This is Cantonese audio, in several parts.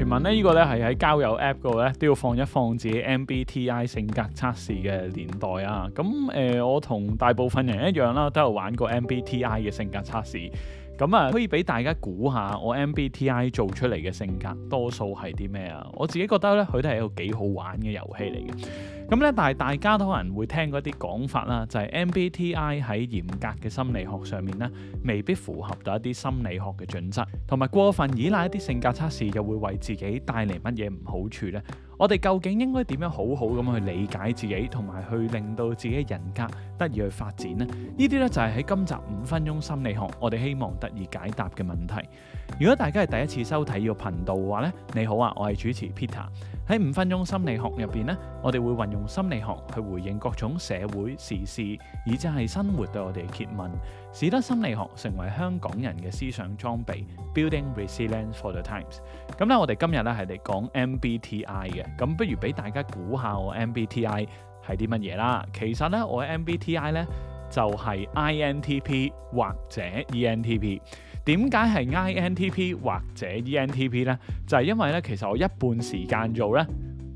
傳聞呢依、呢個咧係喺交友 App 嗰度咧都要放一放自己 MBTI 性格測試嘅年代啊！咁誒、呃，我同大部分人一樣啦、啊，都有玩過 MBTI 嘅性格測試。咁啊，可以俾大家估下我 MBTI 做出嚟嘅性格多數係啲咩啊？我自己覺得咧，佢都係一個幾好玩嘅遊戲嚟嘅。咁咧，但係大家都可能會聽過一啲講法啦，就係、是、MBTI 喺嚴格嘅心理學上面咧，未必符合到一啲心理學嘅準則，同埋過分依賴一啲性格測試，又會為自己帶嚟乜嘢唔好處呢？我哋究竟應該點樣好好咁去理解自己，同埋去令到自己人格得以去發展呢？呢啲咧就係喺今集五分鐘心理學，我哋希望得以解答嘅問題。如果大家係第一次收睇呢個頻道嘅話咧，你好啊，我係主持 Peter。喺五分鐘心理學入邊咧，我哋會運用心理學去回應各種社會時事，以至係生活對我哋嘅揭問，使得心理學成為香港人嘅思想裝備，building resilience for the times。咁咧，我哋今日咧係嚟講 MBTI 嘅。咁不如俾大家估下我 MBTI 係啲乜嘢啦？其實呢，我 MBTI 呢就係 INTP 或者 ENTP。點解係 INTP 或者 ENTP 呢？就係、是就是、因為呢，其實我一半時間做呢，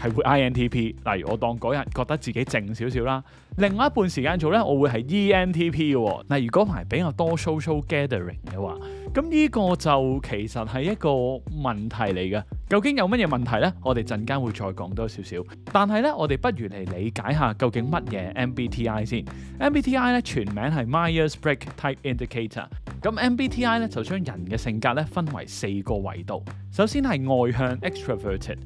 係會 INTP，例如我當嗰日覺得自己靜少少啦，另外一半時間做呢，我會係 ENTP 嘅。嗱，如果比較多 social gathering 嘅話，咁呢個就其實係一個問題嚟嘅。究竟有乜嘢問題呢？我哋陣間會再講多少少。但係呢，我哋不如嚟理解下究竟乜嘢 MBTI 先。MBTI 呢全名係 Myers-Briggs Type Indicator。咁 MBTI 呢就將人嘅性格呢分為四個維度。首先係外向 extraverted。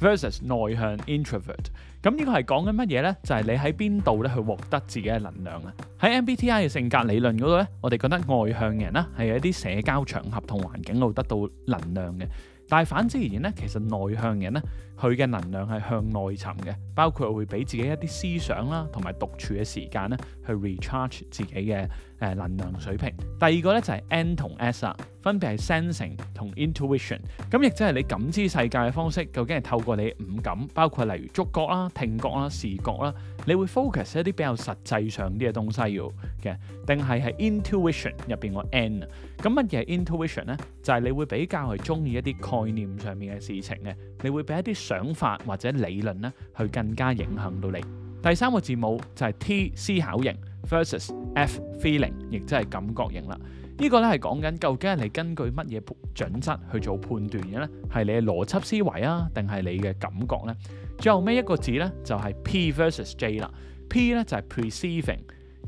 Versus 內向 introvert，咁、嗯、呢、呢個係講緊乜嘢呢？就係、是、你喺邊度咧去獲得自己嘅能量啊！喺 MBTI 嘅性格理論嗰度咧，我哋覺得外向人啦係一啲社交場合同環境度得到能量嘅。但係反之而言咧，其實內向人咧佢嘅能量係向內沉嘅，包括會俾自己一啲思想啦，同埋獨處嘅時間咧去 recharge 自己嘅誒能量水平。第二個咧就係 N 同 S 啦，分別係 sensing 同 intuition 咁，亦即係你感知世界嘅方式，究竟係透過你五感，包括例如觸覺啦、聽覺啦、視覺啦，你會 focus 一啲比較實際上啲嘅東西嘅。嘅，定係係 intuition 入邊個 N，咁乜嘢係 intuition 咧？就係、是、你會比較係中意一啲概念上面嘅事情咧，你會俾一啲想法或者理論咧去更加影響到你。第三個字母就係 T，思考型 versus F，feeling，亦即係感覺型啦。這個、呢個咧係講緊究竟係你根據乜嘢準則去做判斷嘅咧？係你嘅邏輯思維啊，定係你嘅感覺咧？最後尾一個字咧就係、是、P versus J 啦，P 咧就係、是、perceiving。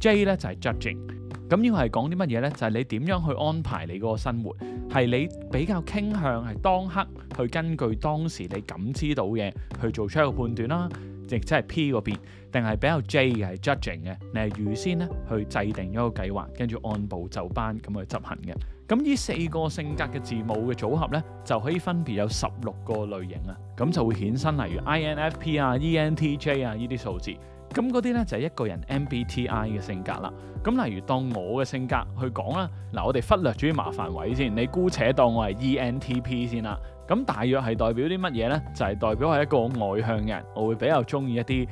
J 咧就係 judging，咁要係講啲乜嘢咧？就係、是就是、你點樣去安排你嗰個生活，係你比較傾向係當刻去根據當時你感知到嘅，去做出一個判斷啦，亦即係 P 嗰邊，定係比較 J 嘅係 judging 嘅，你係預先咧去制定咗個計劃，跟住按部就班咁去執行嘅。咁呢四個性格嘅字母嘅組合咧，就可以分別有十六個類型啊，咁就會衍生例如 INFP 啊、ENTJ 啊呢啲數字。咁嗰啲呢就係、是、一個人 MBTI 嘅性格啦。咁例如當我嘅性格去講啦，嗱我哋忽略咗啲麻煩位先，你姑且當我係 ENTP 先啦。咁大約係代表啲乜嘢呢？就係、是、代表係一個外向人，我會比較中意一啲。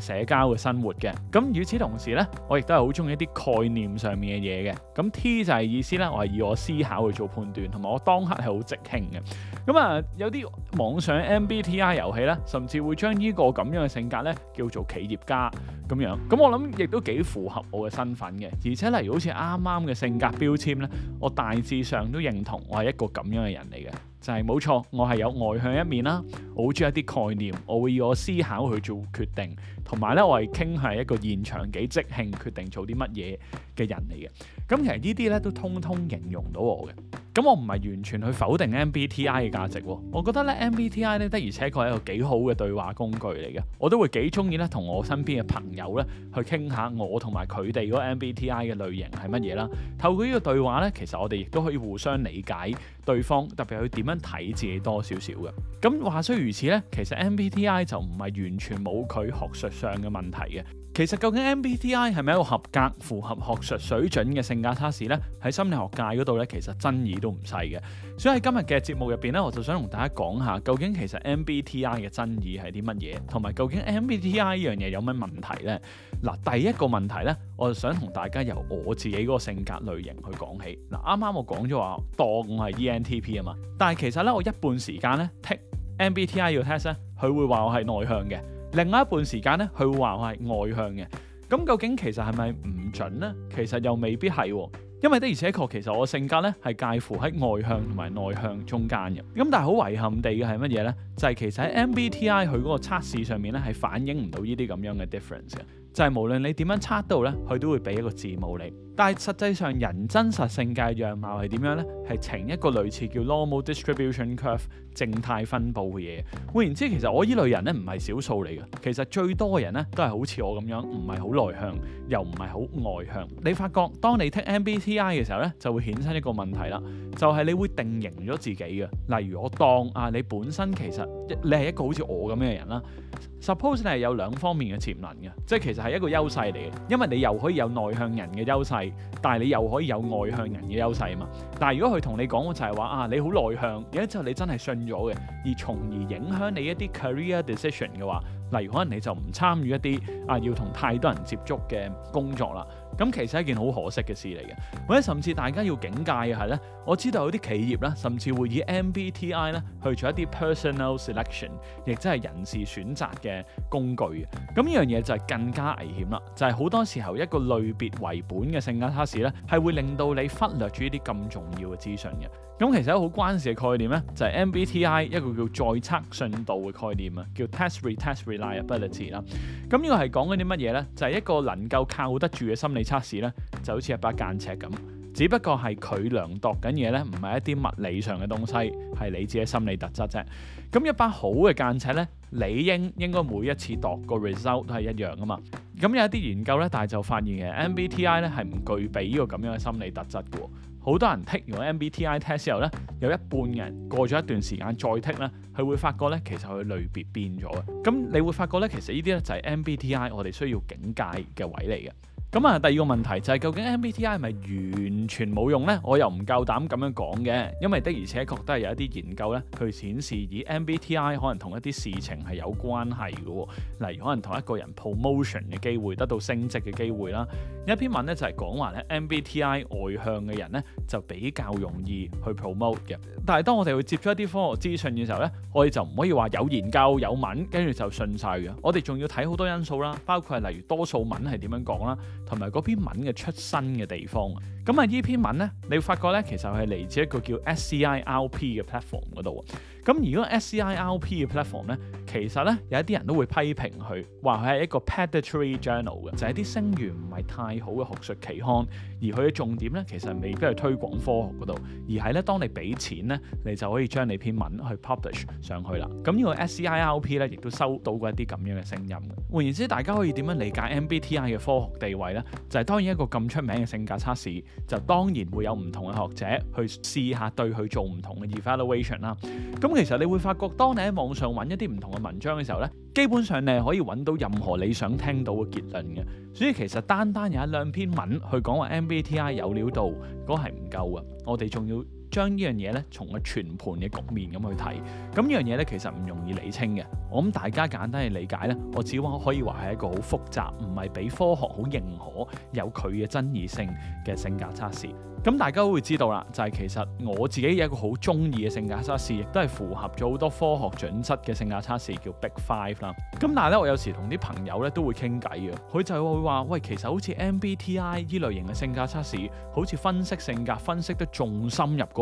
誒社交嘅生活嘅，咁與此同時呢，我亦都係好中意一啲概念上面嘅嘢嘅。咁 T 就係意思呢，我係以我思考去做判斷，同埋我當刻係好即興嘅。咁啊，有啲網上 MBTI 遊戲呢，甚至會將呢個咁樣嘅性格呢，叫做企業家。咁樣，咁我諗亦都幾符合我嘅身份嘅，而且例如好似啱啱嘅性格標籤咧，我大致上都認同我係一個咁樣嘅人嚟嘅。就係冇錯，我係有外向一面啦，我好中意一啲概念，我會要我思考去做決定，同埋咧我係傾向一個現場幾即興決定做啲乜嘢嘅人嚟嘅，咁其實呢啲咧都通通形容到我嘅。咁我唔係完全去否定 MBTI 嘅價值喎，我覺得咧 MBTI 咧的而且確係一個幾好嘅對話工具嚟嘅，我都會幾中意咧同我身邊嘅朋友有咧，去傾下我同埋佢哋嗰個 MBTI 嘅類型係乜嘢啦。透過呢個對話咧，其實我哋亦都可以互相理解。對方特別係佢點樣睇自己多少少嘅。咁話雖如此呢，其實 MBTI 就唔係完全冇佢學術上嘅問題嘅。其實究竟 MBTI 係咪一個合格、符合學術水準嘅性格測試呢？喺心理學界嗰度呢，其實爭議都唔細嘅。所以喺今日嘅節目入邊呢，我就想同大家講下，究竟其實 MBTI 嘅爭議係啲乜嘢，同埋究竟 MBTI 呢樣嘢有乜問題呢？嗱，第一個問題呢。我就想同大家由我自己嗰個性格類型去講起。嗱，啱啱我講咗話當我係 ENTP 啊嘛，但係其實咧，我一半時間咧 test MBTI 呢個 test 咧，佢會話我係內向嘅；另外一半時間咧，佢會話我係外向嘅。咁究竟其實係咪唔準咧？其實又未必係、哦，因為的而且確，其實我性格咧係介乎喺外向同埋內向中間嘅。咁但係好遺憾地嘅係乜嘢咧？就係、是、其實喺 MBTI 佢嗰個測試上面咧，係反映唔到呢啲咁樣嘅 difference 嘅。就係無論你點樣測到，咧，佢都會俾一個字母你。但係實際上人真實性格樣貌係點樣呢？係呈一個類似叫 normal distribution curve 正態分布嘅嘢。換言之，其實我依類人咧唔係少數嚟嘅。其實最多嘅人咧都係好似我咁樣，唔係好內向，又唔係好外向。你發覺當你聽 MBTI 嘅時候咧，就會衍生一個問題啦，就係、是、你會定型咗自己嘅。例如我當啊，你本身其實你係一個好似我咁樣嘅人啦。Suppose 你係有兩方面嘅潛能嘅，即係其實係一個優勢嚟嘅，因為你又可以有內向人嘅優勢，但係你又可以有外向人嘅優勢啊嘛。但係如果佢同你講嘅就係話啊，你好內向，有一之後你真係信咗嘅，而從而影響你一啲 career decision 嘅話。例如可能你就唔參與一啲啊要同太多人接觸嘅工作啦，咁其實係一件好可惜嘅事嚟嘅，或者甚至大家要警戒嘅係咧，我知道有啲企業咧，甚至會以 MBTI 咧去做一啲 personal selection，亦即係人事選擇嘅工具。咁呢樣嘢就係更加危險啦，就係好多時候一個類別為本嘅性格測試咧，係會令到你忽略住呢啲咁重要嘅資訊嘅。咁其實好關鍵嘅概念咧，就係 MBTI 一個叫再測信度嘅概念啊，叫 test retest re。日不啦，咁呢個係講緊啲乜嘢呢？就係、是、一個能夠靠得住嘅心理測試呢，就好似一把間尺咁，只不過係佢量度緊嘢呢，唔係一啲物理上嘅東西，係你自己嘅心理特質啫。咁、嗯、一把好嘅間尺呢，理應應該每一次度個 result 都係一樣噶嘛。咁、嗯、有一啲研究呢，但係就發現嘅 MBTI 呢，係唔具備呢個咁樣嘅心理特質噶。好多人剔完 MBTI test 之後咧，有一半人過咗一段時間再剔咧，佢會發覺咧，其實佢類別變咗嘅。咁你會發覺咧，其實呢啲咧就係 MBTI 我哋需要警戒嘅位嚟嘅。咁啊，第二個問題就係究竟 MBTI 係咪完全冇用呢？我又唔夠膽咁樣講嘅，因為的而且確都係有一啲研究咧，佢顯示以 MBTI 可能同一啲事情係有關係嘅。嗱，例如可能同一個人 promotion 嘅機會得到升職嘅機會啦。有一篇文咧就係、是、講話咧 MBTI 外向嘅人咧就比較容易去 promote 嘅。但係當我哋會接觸一啲科學資訊嘅時候咧，我哋就唔可以話有研究有文跟住就信晒嘅。我哋仲要睇好多因素啦，包括係例如多數文係點樣講啦。同埋嗰篇文嘅出身嘅地方。咁啊，呢篇文咧，你會發覺咧，其實係嚟自一個叫 SCIRP 嘅 platform 嗰度。咁如果 SCIRP 嘅 platform 咧，其實咧有一啲人都會批評佢，話佢係一個 pedatory journal 嘅，就係啲聲源唔係太好嘅學術期刊，而佢嘅重點咧，其實未必係推廣科學嗰度，而係咧，當你俾錢咧，你就可以將你篇文去 publish 上去啦。咁呢個 SCIRP 咧，亦都收到過一啲咁樣嘅聲音。換言之，大家可以點樣理解 MBTI 嘅科學地位咧？就係當然一個咁出名嘅性格測試。就當然會有唔同嘅學者去試下對佢做唔同嘅 evaluation 啦。咁其實你會發覺，當你喺網上揾一啲唔同嘅文章嘅時候呢，基本上你係可以揾到任何你想聽到嘅結論嘅。所以其實單單有一兩篇文去講話 MBTI 有料到嗰係唔夠嘅。我哋仲要。將呢樣嘢咧，從個全盤嘅局面咁去睇，咁呢樣嘢咧其實唔容易理清嘅。我諗大家簡單嘅理解咧，我只可可以話係一個好複雜，唔係俾科學好認可，有佢嘅爭議性嘅性格測試。咁大家都會知道啦，就係、是、其實我自己有一個好中意嘅性格測試，亦都係符合咗好多科學準則嘅性格測試，叫 Big Five 啦。咁但係咧，我有時同啲朋友咧都會傾偈啊，佢就會話，喂，其實好似 MBTI 呢類型嘅性格測試，好似分析性格分析得仲深入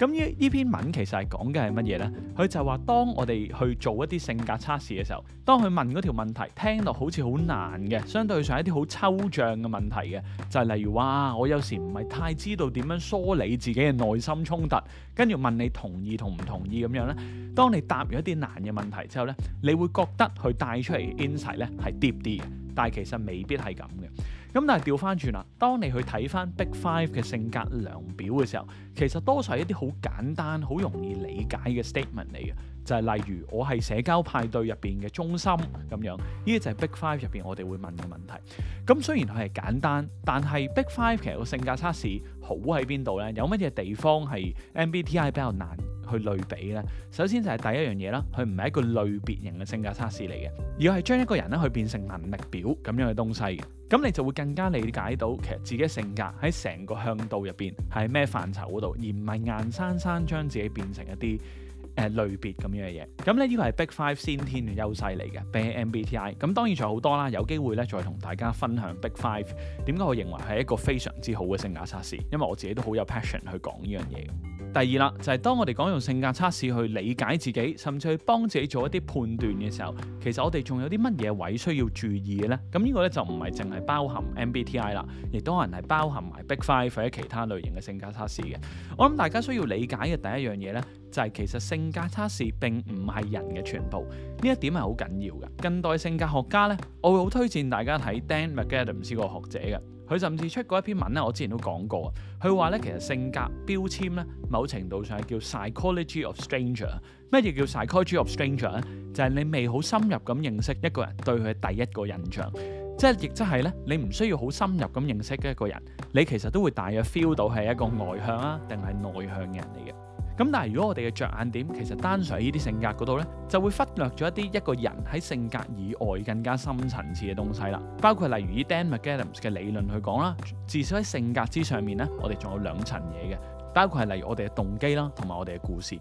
咁呢呢篇文其實係講嘅係乜嘢呢？佢就話當我哋去做一啲性格測試嘅時候，當佢問嗰條問題，聽落好似好難嘅，相對上一啲好抽象嘅問題嘅，就係、是、例如話我有時唔係太知道點樣梳理自己嘅內心衝突，跟住問你同意同唔同意咁樣呢。當你答咗一啲難嘅問題之後呢，你會覺得佢帶出嚟嘅 insight 呢係 deep 啲嘅，但係其實未必係咁嘅。咁但係調翻轉啦，當你去睇翻 Big Five 嘅性格量表嘅時候，其實多數係一啲好簡單、好容易理解嘅 statement 嚟嘅，就係例如我係社交派對入邊嘅中心咁樣，呢啲就係 Big Five 入邊我哋會問嘅問題。咁雖然佢係簡單，但係 Big Five 其實個性格測試好喺邊度咧？有乜嘢地方係 MBTI 比較難去類比咧，首先就係第一樣嘢啦，佢唔係一個類別型嘅性格測試嚟嘅，而係將一個人咧去變成能力表咁樣嘅東西。咁你就會更加理解到其實自己性格喺成個向度入邊喺咩範疇嗰度，而唔係硬生生將自己變成一啲誒、呃、類別咁樣嘅嘢。咁咧呢個係 Big Five 先天嘅優勢嚟嘅，比起 MBTI，咁當然仲有好多啦，有機會咧再同大家分享 Big Five，點解我認為係一個非常之好嘅性格測試，因為我自己都好有 passion 去講呢樣嘢。第二啦，就係當我哋講用性格測試去理解自己，甚至去幫自己做一啲判斷嘅時候，其實我哋仲有啲乜嘢位需要注意嘅咧？咁呢個咧就唔係淨係包含 MBTI 啦，亦都可能係包含埋 Big Five 或者其他類型嘅性格測試嘅。我諗大家需要理解嘅第一樣嘢咧，就係其實性格測試並唔係人嘅全部，呢一點係好緊要嘅。近代性格學家咧，我會好推薦大家睇 Dan McAdams 呢個學者嘅。佢甚至出過一篇文咧，我之前都講過啊。佢話咧，其實性格標籤咧，某程度上係叫 psychology of stranger。咩嘢叫 psychology of stranger 咧？就係你未好深入咁認識一個人，對佢第一個印象，即係亦即係咧，你唔需要好深入咁認識一個人，你其實都會大約 feel 到係一個外向啊，定係內向嘅人嚟嘅。咁但係如果我哋嘅着眼點其實單純喺呢啲性格嗰度咧，就會忽略咗一啲一個人喺性格以外更加深層次嘅東西啦。包括例如依 Dan McAdams 嘅理論去講啦，至少喺性格之上面咧，我哋仲有兩層嘢嘅，包括係例如我哋嘅動機啦，同埋我哋嘅故事。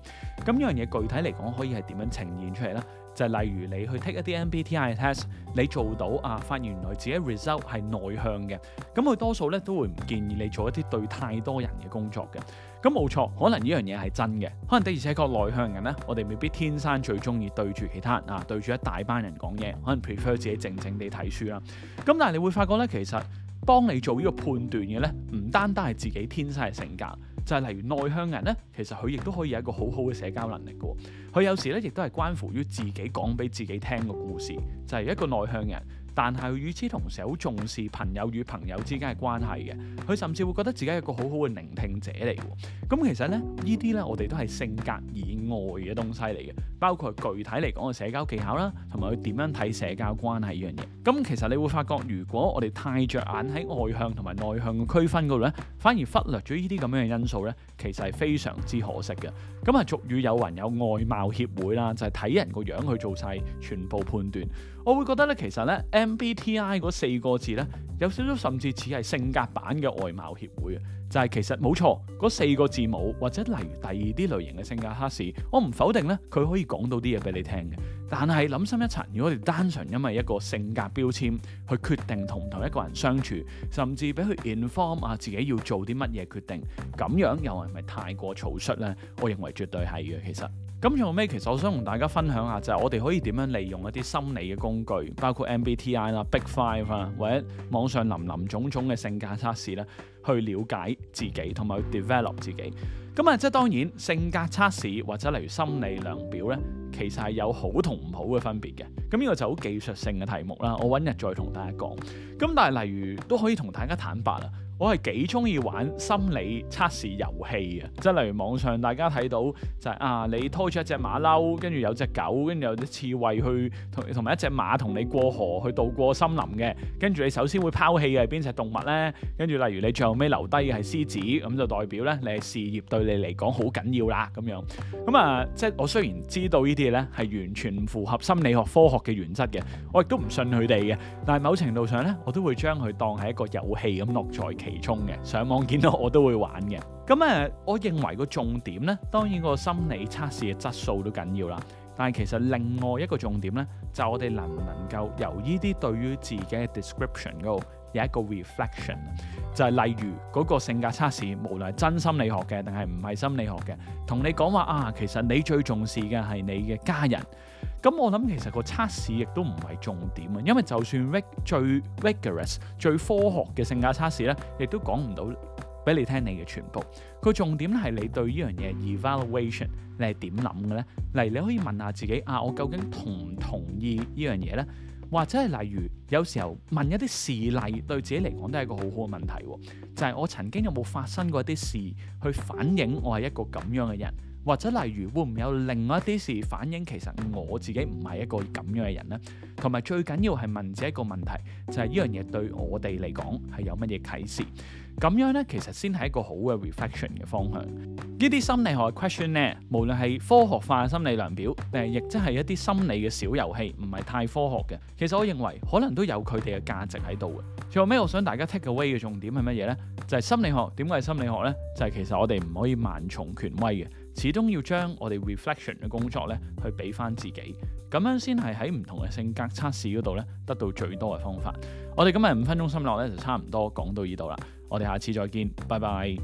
咁呢樣嘢具體嚟講可以係點樣呈現出嚟咧？就例如你去 take 一啲 MBTI test，你做到啊，發現原來自己 result 係內向嘅，咁佢多數咧都會唔建議你做一啲對太多人嘅工作嘅。咁冇錯，可能呢樣嘢係真嘅，可能的而且確內向人咧，我哋未必天生最中意對住其他人啊，對住一大班人講嘢，可能 prefer 自己靜靜地睇書啦。咁但係你會發覺咧，其實幫你做呢個判斷嘅咧，唔單單係自己天生嘅性格。就係例如內向人咧，其實佢亦都可以有一個好好嘅社交能力嘅。哦，佢有時咧，亦都係關乎於自己講俾自己聽嘅故事，就係、是、一個內向人。但係與此同時，好重視朋友與朋友之間嘅關係嘅，佢甚至會覺得自己係一個好好嘅聆聽者嚟喎。咁其實咧，依啲咧，我哋都係性格以外嘅東西嚟嘅，包括具體嚟講嘅社交技巧啦，同埋佢點樣睇社交關係呢樣嘢。咁其實你會發覺，如果我哋太着眼喺外向同埋內向嘅區分嗰度咧，反而忽略咗呢啲咁樣嘅因素咧，其實係非常之可惜嘅。咁啊，俗語有云有外貌協會啦，就係、是、睇人個樣去做晒，全部判斷。我會覺得咧，其實咧 MBTI 嗰四個字咧，有少少甚至似係性格版嘅外貌協會啊！就係、是、其實冇錯，嗰四個字母或者例如第二啲類型嘅性格測試，我唔否定咧，佢可以講到啲嘢俾你聽嘅。但係諗深一層，如果你哋單純因為一個性格標籤去決定同唔同一個人相處，甚至俾佢 inform 啊自己要做啲乜嘢決定，咁樣又係咪太過草率咧？我認為絕對係嘅，其實。咁最後尾其實我想同大家分享下，就係我哋可以點樣利用一啲心理嘅工具，包括 MBTI 啦、Big Five 啊，或者網上林林總總嘅性格測試咧，去了解自己同埋 develop 自己。咁啊，即係當然性格測試或者例如心理量表咧，其實係有好同唔好嘅分別嘅。咁呢個就好技術性嘅題目啦，我揾日再同大家講。咁但係例如都可以同大家坦白啦。我係幾中意玩心理測試遊戲啊。即係例如網上大家睇到就係、是、啊，你拖住一隻馬騮，跟住有隻狗，跟住有隻刺猬去同同埋一隻馬同你過河去渡過森林嘅，跟住你首先會拋棄嘅係邊隻動物咧？跟住例如你最後尾留低嘅係獅子，咁就代表咧你事業對你嚟講好緊要啦咁樣。咁啊，即係我雖然知道呢啲嘢咧係完全唔符合心理學科學嘅原則嘅，我亦都唔信佢哋嘅。但係某程度上咧，我都會將佢當係一個遊戲咁樂在其其上網見到我都會玩嘅。咁誒，我認為個重點呢，當然個心理測試嘅質素都緊要啦。但係其實另外一個重點呢，就係我哋能唔能夠由呢啲對於自己嘅 description 嗰度有一個 reflection，就係例如嗰個性格測試，無論係真心理學嘅定係唔係心理學嘅，同你講話啊，其實你最重視嘅係你嘅家人。咁、嗯、我諗其實個測試亦都唔係重點啊，因為就算 rig 最 rigorous 最科學嘅性格測試咧，亦都講唔到俾你聽你嘅全部。個重點咧係你對呢樣嘢 evaluation，你係點諗嘅咧？例如你可以問下自己啊，我究竟同唔同意呢樣嘢咧？或者係例如有時候問一啲事例，對自己嚟講都係一個好好嘅問題。哦。就係、是、我曾經有冇發生過啲事去反映我係一個咁樣嘅人。或者例如會唔會有另外一啲事反映，其實我自己唔係一個咁樣嘅人呢？同埋最緊要係問自己一個問題，就係呢樣嘢對我哋嚟講係有乜嘢啟示？咁樣呢，其實先係一個好嘅 reflection 嘅方向。呢啲心理學嘅 question 呢，無論係科學化嘅心理量表，定係亦即係一啲心理嘅小遊戲，唔係太科學嘅。其實我認為可能都有佢哋嘅價值喺度嘅。最後尾，我想大家 take away 嘅重點係乜嘢呢？就係心理學，點解係心理學呢？就係其實我哋唔可以盲從權威嘅。始終要將我哋 reflection 嘅工作咧，去俾翻自己，咁樣先係喺唔同嘅性格測試嗰度咧，得到最多嘅方法。我哋今日五分鐘心理學咧就差唔多講到呢度啦，我哋下次再見，拜拜。